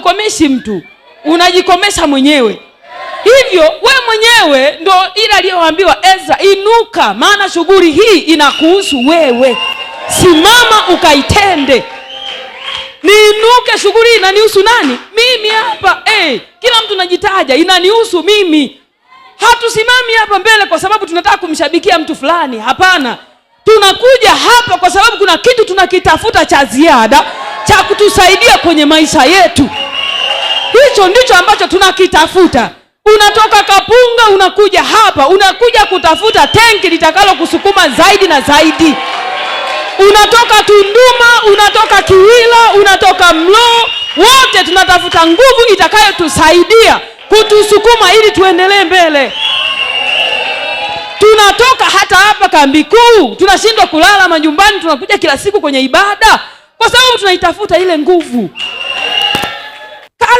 haumkomeshi mtu unajikomesha mwenyewe hivyo we mwenyewe ndo ile aliyoambiwa ezra inuka maana shughuli hii inakuhusu wewe simama ukaitende niinuke shughuli hii inanihusu nani mimi hapa hey, eh, kila mtu najitaja inanihusu mimi hatusimami hapa mbele kwa sababu tunataka kumshabikia mtu fulani hapana tunakuja hapa kwa sababu kuna kitu tunakitafuta cha ziada cha kutusaidia kwenye maisha yetu hicho ndicho ambacho tunakitafuta unatoka kapunga unakuja hapa unakuja kutafuta tenki litakalo kusukuma zaidi na zaidi unatoka tunduma unatoka kiwila unatoka mloo wote tunatafuta nguvu itakayotusaidia kutusukuma ili tuendelee mbele tunatoka hata hapa kambi kuu tunashindwa kulala majumbani tunakuja kila siku kwenye ibada kwa sababu tunaitafuta ile nguvu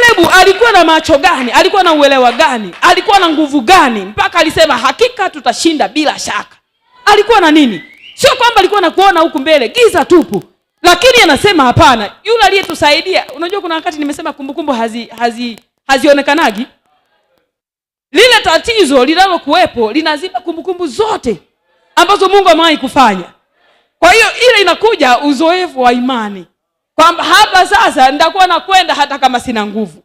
Kalebu alikuwa na macho gani? Alikuwa na uelewa gani? Alikuwa na nguvu gani mpaka alisema hakika tutashinda bila shaka? Alikuwa na nini? Sio kwamba alikuwa na kuona huku mbele giza tupu, lakini anasema hapana, yule aliyetusaidia. Unajua, kuna wakati nimesema kumbukumbu hazi hazi hazionekanagi. Lile tatizo linalokuwepo linaziba kumbukumbu zote ambazo Mungu amewahi kufanya. Kwa hiyo ile inakuja uzoefu wa imani kwamba hapa sasa nitakuwa nakwenda hata kama sina nguvu,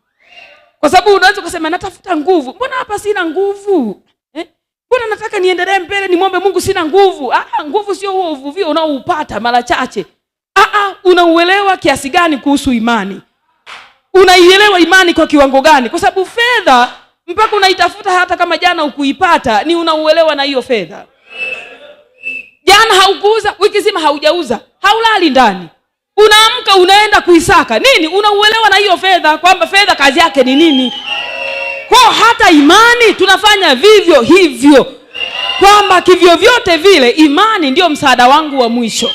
kwa sababu unaweza kusema natafuta nguvu, mbona hapa sina nguvu eh? Mbona nataka niendelee mbele, nimwombe Mungu, sina nguvu. Ah, nguvu sio huo uvuvio unaoupata mara chache. Ah, ah, unauelewa kiasi gani kuhusu imani? Unaielewa imani kwa kiwango gani? Kwa sababu fedha mpaka unaitafuta hata kama jana ukuipata, ni unauelewa na hiyo fedha. Jana haukuuza, wiki zima haujauza, haulali ndani unaamka unaenda kuisaka nini unauelewa na hiyo fedha kwamba fedha kazi yake ni nini kwao hata imani tunafanya vivyo hivyo kwamba kivyovyote vile imani ndio msaada wangu wa mwisho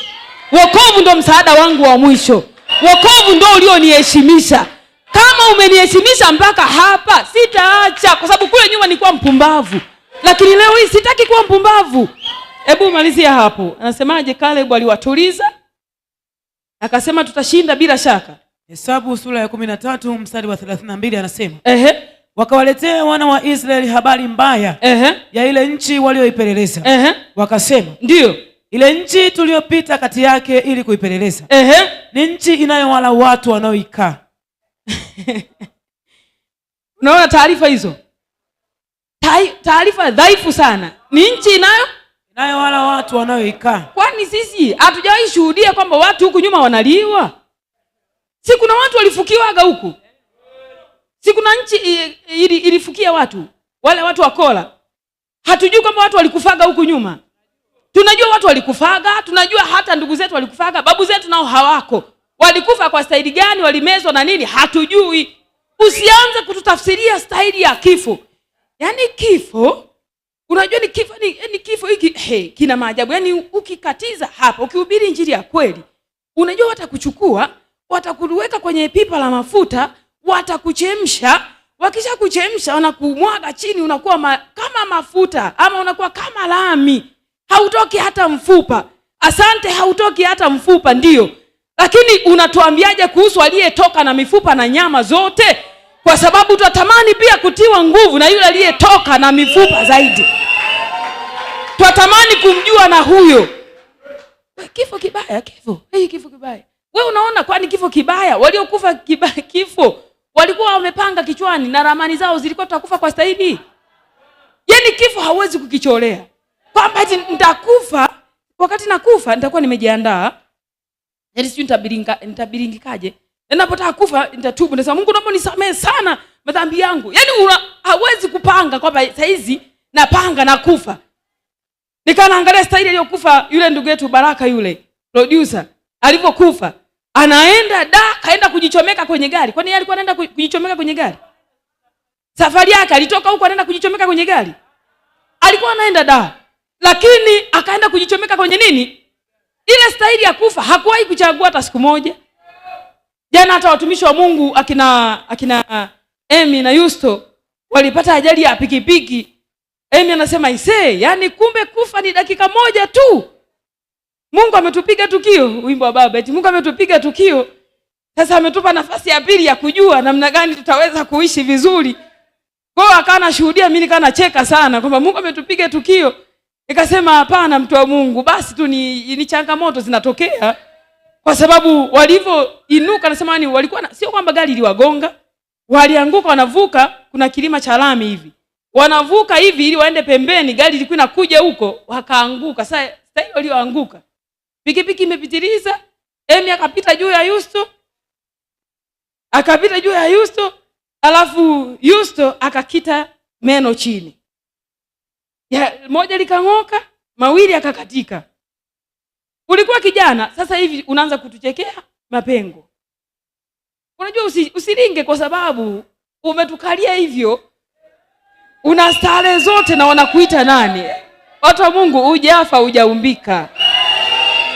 wokovu ndo msaada wangu wa mwisho wokovu ndo ulioniheshimisha kama umeniheshimisha mpaka hapa sitaacha kwa sababu kule nyuma nilikuwa mpumbavu lakini leo hii sitaki kuwa mpumbavu hebu malizia hapo anasemaje kalebu aliwatuliza akasema tutashinda bila shaka. Hesabu sura ya kumi na tatu mstari wa thelathini na mbili anasema ehe, wakawaletea wana wa Israeli habari mbaya ehe, ya ile nchi walioipeleleza ehe, wakasema ndiyo ile nchi tuliyopita kati yake ili kuipeleleza ehe, ni nchi inayowala watu wanaoikaa. Unaona taarifa hizo, taarifa dhaifu sana. Ni nchi inayo nayo wala watu wanayoikaa. Kwani sisi hatujawahi shuhudia kwamba watu huku nyuma wanaliwa? Si kuna watu walifukiwaga huku, si kuna nchi ilifukia watu wale watu wakola. Hatujui kwamba watu walikufaga huku nyuma? Tunajua watu walikufaga, tunajua hata ndugu zetu walikufaga, babu zetu nao hawako. Walikufa kwa staili gani? Walimezwa na nini? Hatujui. Usianze kututafsiria staili ya kifo, yaani kifo Unajua ni kifo ni, ni kifo hiki hey, kina maajabu. yani ukikatiza hapa, ukihubiri njiri ya kweli, unajua watakuchukua, watakuweka kwenye pipa la mafuta, watakuchemsha, wakisha kuchemsha wanakumwaga chini, unakuwa ma, kama mafuta ama unakuwa kama lami. Hautoki hata mfupa. Asante, hautoki hata mfupa ndio Lakini unatuambiaje kuhusu aliyetoka na mifupa na nyama zote? Kwa sababu tutatamani pia kutiwa nguvu na yule aliyetoka na mifupa zaidi twatamani kumjua na huyo kifo kibaya kifo hii kifo kibaya we unaona kwani kifo kibaya waliokufa kibaya kifo walikuwa wamepanga kichwani na ramani zao zilikuwa tutakufa kwa staili yani kifo hauwezi kukicholea kwamba eti nitakufa wakati nakufa nitakuwa nimejiandaa yani sijui nitabiringikaje ninapotaka kufa nitatubu nasema mungu naomba nisamehe sana madhambi yangu yani una, hawezi kupanga kwamba saizi hizi napanga nakufa Nikaa naangalia staili aliyokufa yule ndugu yetu Baraka yule producer alivyokufa, anaenda da, kaenda kujichomeka kwenye gari. Kwani yeye alikuwa anaenda kujichomeka kwenye gari? Safari yake alitoka huko anaenda kujichomeka kwenye gari, alikuwa anaenda da, lakini akaenda kujichomeka kwenye nini? Ile staili ya kufa hakuwahi kuchagua hata siku moja. Jana hata watumishi wa Mungu akina akina Emi eh, na Yusto walipata ajali ya pikipiki Emi anasema isee, yani kumbe kufa ni dakika moja tu. Mungu ametupiga tukio, wimbo wa baba eti Mungu ametupiga tukio. Sasa ametupa nafasi ya pili ya kujua namna gani tutaweza kuishi vizuri. Kwa hiyo akawa anashuhudia, mimi nikaa nacheka sana kwamba Mungu ametupiga tukio. Nikasema hapana, mtu wa Mungu, basi tu ni, ni changamoto zinatokea kwa sababu walivyoinuka, nasema ni yaani walikuwa na, sio kwamba gari iliwagonga, walianguka, wanavuka, kuna kilima cha lami hivi wanavuka hivi ili waende pembeni, gari ilikuwa inakuja huko, wakaanguka. Sasa sasa hiyo walioanguka, pikipiki imepitiliza, Emi akapita juu ya Yusto, akapita juu ya Yusto, alafu Yusto akakita meno chini ya, moja likang'oka, mawili akakatika. Ulikuwa kijana, sasa hivi unaanza kutuchekea mapengo. Unajua usi, usilinge kwa sababu umetukalia hivyo una stare zote na wanakuita nani? Watu wa Mungu, ujafa hujaumbika,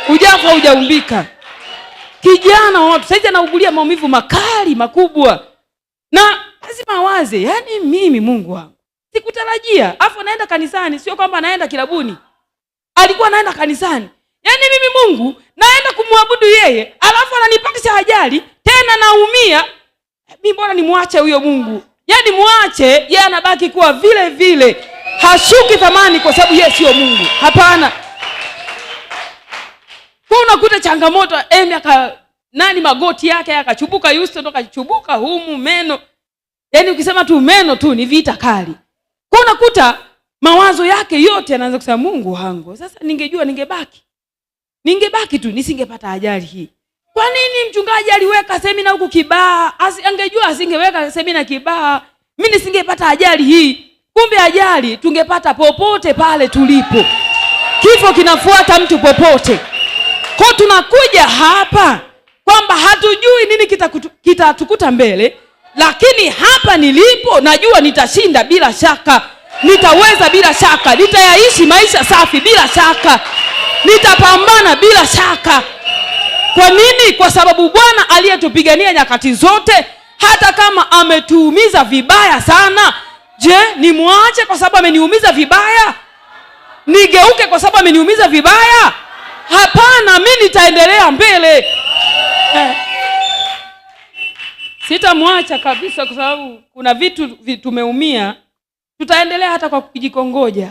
ujafa hujaumbika. Kijana watu saizi anaugulia maumivu makali makubwa, na lazima waze, yani mimi Mungu wangu sikutarajia. Afu naenda kanisani, sio kwamba naenda kilabuni, alikuwa naenda kanisani. Yaani mimi Mungu naenda kumwabudu yeye, alafu ananipatisha ajali tena, naumia. Mi mbona nimwache huyo Mungu? Yaani mwache yeye ya anabaki kuwa vile vile, hashuki thamani kwa sababu yeye sio Mungu. Hapana. Kwa unakuta changamoto Emi eh, aka nani magoti yake akachubuka Houston ndo akachubuka humu meno. Yaani ukisema tu meno tu ni vita kali. Kwa unakuta mawazo yake yote yanaanza kusema Mungu wangu. Sasa ningejua ningebaki. Ningebaki tu nisingepata ajali hii. Kwa nini mchungaji aliweka semina huku kibaa Asi, angejua asingeweka semina kibaa mimi nisingepata ajali hii. Kumbe ajali tungepata popote pale tulipo. Kifo kinafuata mtu popote. Kwa tunakuja hapa kwamba hatujui nini kitatukuta kita mbele, lakini hapa nilipo najua nitashinda bila shaka, nitaweza bila shaka, nitayaishi maisha safi bila shaka, nitapambana bila shaka. Kwa nini? Kwa sababu Bwana aliyetupigania nyakati zote, hata kama ametuumiza vibaya sana, je, nimwache kwa sababu ameniumiza vibaya? Nigeuke kwa sababu ameniumiza vibaya? Hapana, mi nitaendelea mbele eh. Sitamwacha kabisa, kwa sababu kuna vitu tumeumia, tutaendelea hata kwa kujikongoja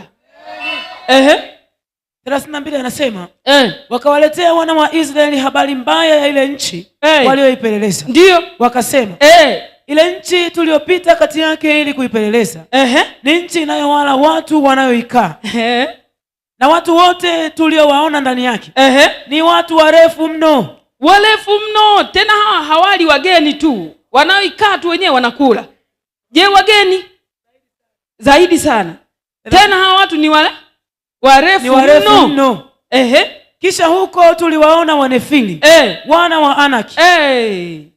32 anasema eh, wakawaletea wana wa Israeli habari mbaya ya ile nchi eh, walioipeleleza. ndio wakasema eh, ile nchi tuliyopita kati yake ili kuipeleleza eh, ni nchi inayowala watu wanayoikaa eh, na watu wote tuliowaona ndani yake eh, ni watu warefu mno, warefu mno tena. Hawa hawali wageni tu, wanaoikaa tu wenyewe wanakula. Je, wageni zaidi sana tena, hawa watu ni wale warefu, mno. Ehe. Kisha huko tuliwaona Wanefili e, wana wa Anaki e,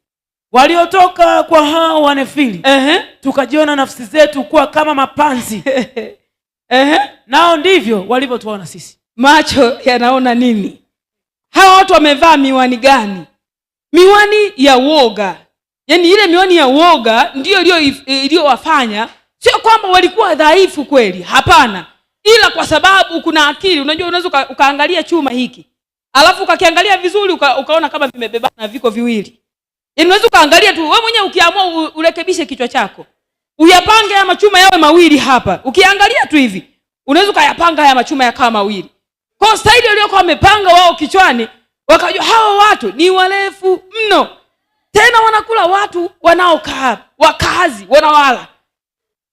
waliotoka kwa hao Wanefili ehe, tukajiona nafsi zetu kuwa kama mapanzi ehe, nao ndivyo walivyotuona sisi. Macho yanaona nini? Hawa watu wamevaa miwani gani? Miwani ya woga, yaani ile miwani ya woga ndiyo iliyowafanya, sio kwamba walikuwa dhaifu kweli, hapana ila kwa sababu kuna akili, unajua unaweza uka, ukaangalia chuma hiki alafu ukakiangalia vizuri uka, ukaona kama vimebebana viko viwili. Yaani unaweza ukaangalia tu wewe mwenyewe, ukiamua urekebishe kichwa chako uyapange haya machuma yawe mawili hapa, ukiangalia tu hivi unaweza ukayapanga haya machuma yakawa mawili. Kwa staili waliokuwa wamepanga wao kichwani, wakajua hao watu ni warefu mno, tena wanakula watu wanaokaa, wakazi wanawala.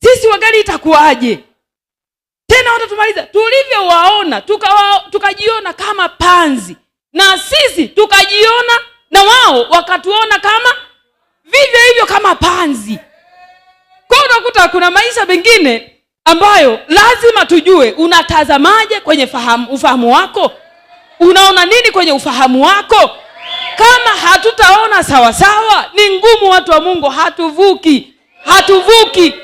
Sisi Wagari itakuwaje? tena watatumaliza. Tulivyowaona tukajiona tuka kama panzi, na sisi tukajiona na wao wakatuona kama vivyo hivyo kama panzi. Kwa unakuta kuna maisha mengine ambayo lazima tujue, unatazamaje kwenye fahamu, ufahamu wako unaona nini kwenye ufahamu wako? Kama hatutaona sawasawa, ni ngumu, watu wa Mungu, hatuvuki, hatuvuki.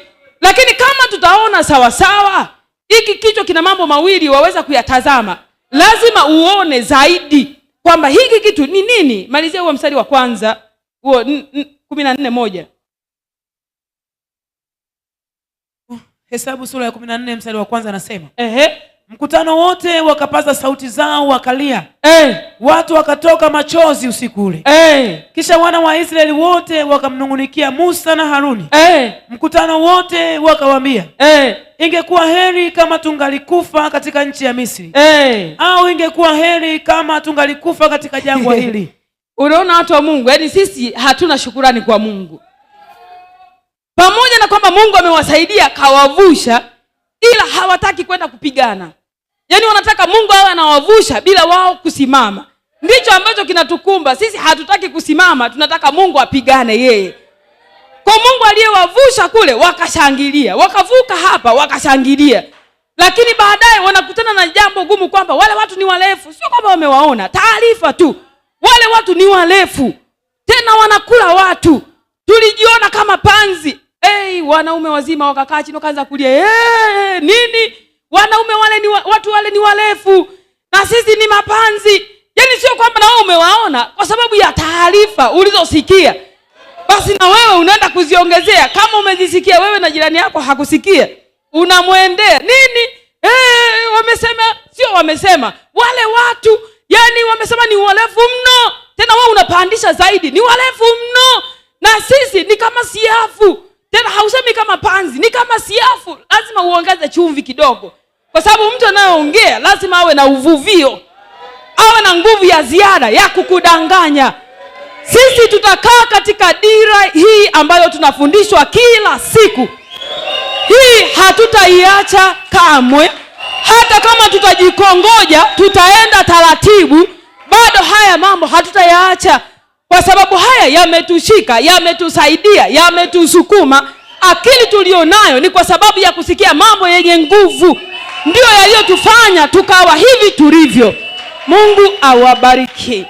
Lakini kama tutaona sawasawa hiki kichwa kina mambo mawili waweza kuyatazama, lazima uone zaidi kwamba hiki kitu ni nini. Malizia huo mstari wa kwanza huo kumi na nne moja Hesabu sura ya kumi na nne mstari wa kwanza anasema ehe mkutano wote wakapaza sauti zao wakalia. hey. Eh. watu wakatoka machozi usiku ule. hey. Eh. kisha wana wa Israeli wote wakamnung'unikia Musa na Haruni. hey. Eh. mkutano wote wakawambia hey. ingekuwa heri kama tungalikufa katika nchi ya Misri. hey. au ingekuwa heri kama tungalikufa katika jangwa hili. Unaona watu wa Mungu, yaani sisi hatuna shukurani kwa Mungu, pamoja na kwamba Mungu amewasaidia kawavusha ila hawataki kwenda kupigana. Yaani wanataka Mungu awe anawavusha bila wao kusimama. Ndicho ambacho kinatukumba sisi, hatutaki kusimama, tunataka Mungu apigane yeye. Kwa Mungu aliyewavusha kule, wakashangilia, wakavuka hapa, wakashangilia, lakini baadaye wanakutana na jambo gumu kwamba wale watu ni warefu. Sio kwamba wamewaona, taarifa tu, wale watu ni warefu, tena wanakula watu. Tulijiona kama panzi hey, wanaume wazima wakakaa chini wakaanza kulia hey, nini wanaume wale ni wa, watu wale ni warefu na sisi ni mapanzi yani sio kwamba na wewe umewaona kwa sababu ya taarifa ulizosikia basi na wewe unaenda kuziongezea kama umezisikia wewe na jirani yako hakusikia unamwendea nini hey, wamesema sio wamesema wale watu yani wamesema ni warefu mno tena wewe unapandisha zaidi ni warefu mno na sisi ni kama siafu tena hausemi kama panzi ni kama siafu lazima uongeze chumvi kidogo kwa sababu mtu anayeongea lazima awe na uvuvio awe na nguvu ya ziada ya kukudanganya sisi tutakaa katika dira hii ambayo tunafundishwa kila siku hii hatutaiacha kamwe hata kama tutajikongoja tutaenda taratibu bado haya mambo hatutayaacha kwa sababu haya yametushika, yametusaidia, yametusukuma. Akili tulionayo ni kwa sababu ya kusikia mambo yenye nguvu, ndiyo yaliyotufanya tukawa hivi tulivyo. Mungu awabariki.